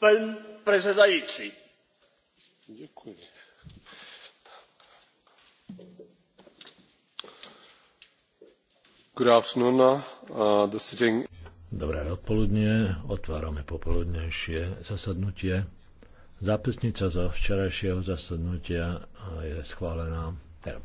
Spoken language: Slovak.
pán predsedajúci uh, uh, dobré odpoludnie otvárame popoludnejšie zasadnutie zápisnica zo včerajšieho zasadnutia uh, je schválená